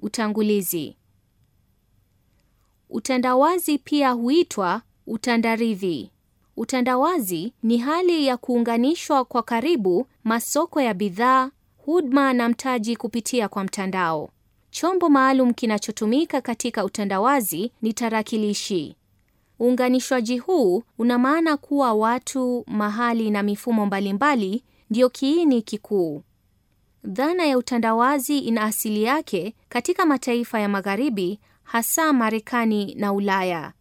Utangulizi. Utandawazi pia huitwa utandarivi. Utandawazi ni hali ya kuunganishwa kwa karibu masoko ya bidhaa, huduma na mtaji kupitia kwa mtandao. Chombo maalum kinachotumika katika utandawazi ni tarakilishi. Uunganishwaji huu una maana kuwa watu, mahali na mifumo mbalimbali ndiyo kiini kikuu. Dhana ya utandawazi ina asili yake katika mataifa ya Magharibi, hasa Marekani na Ulaya.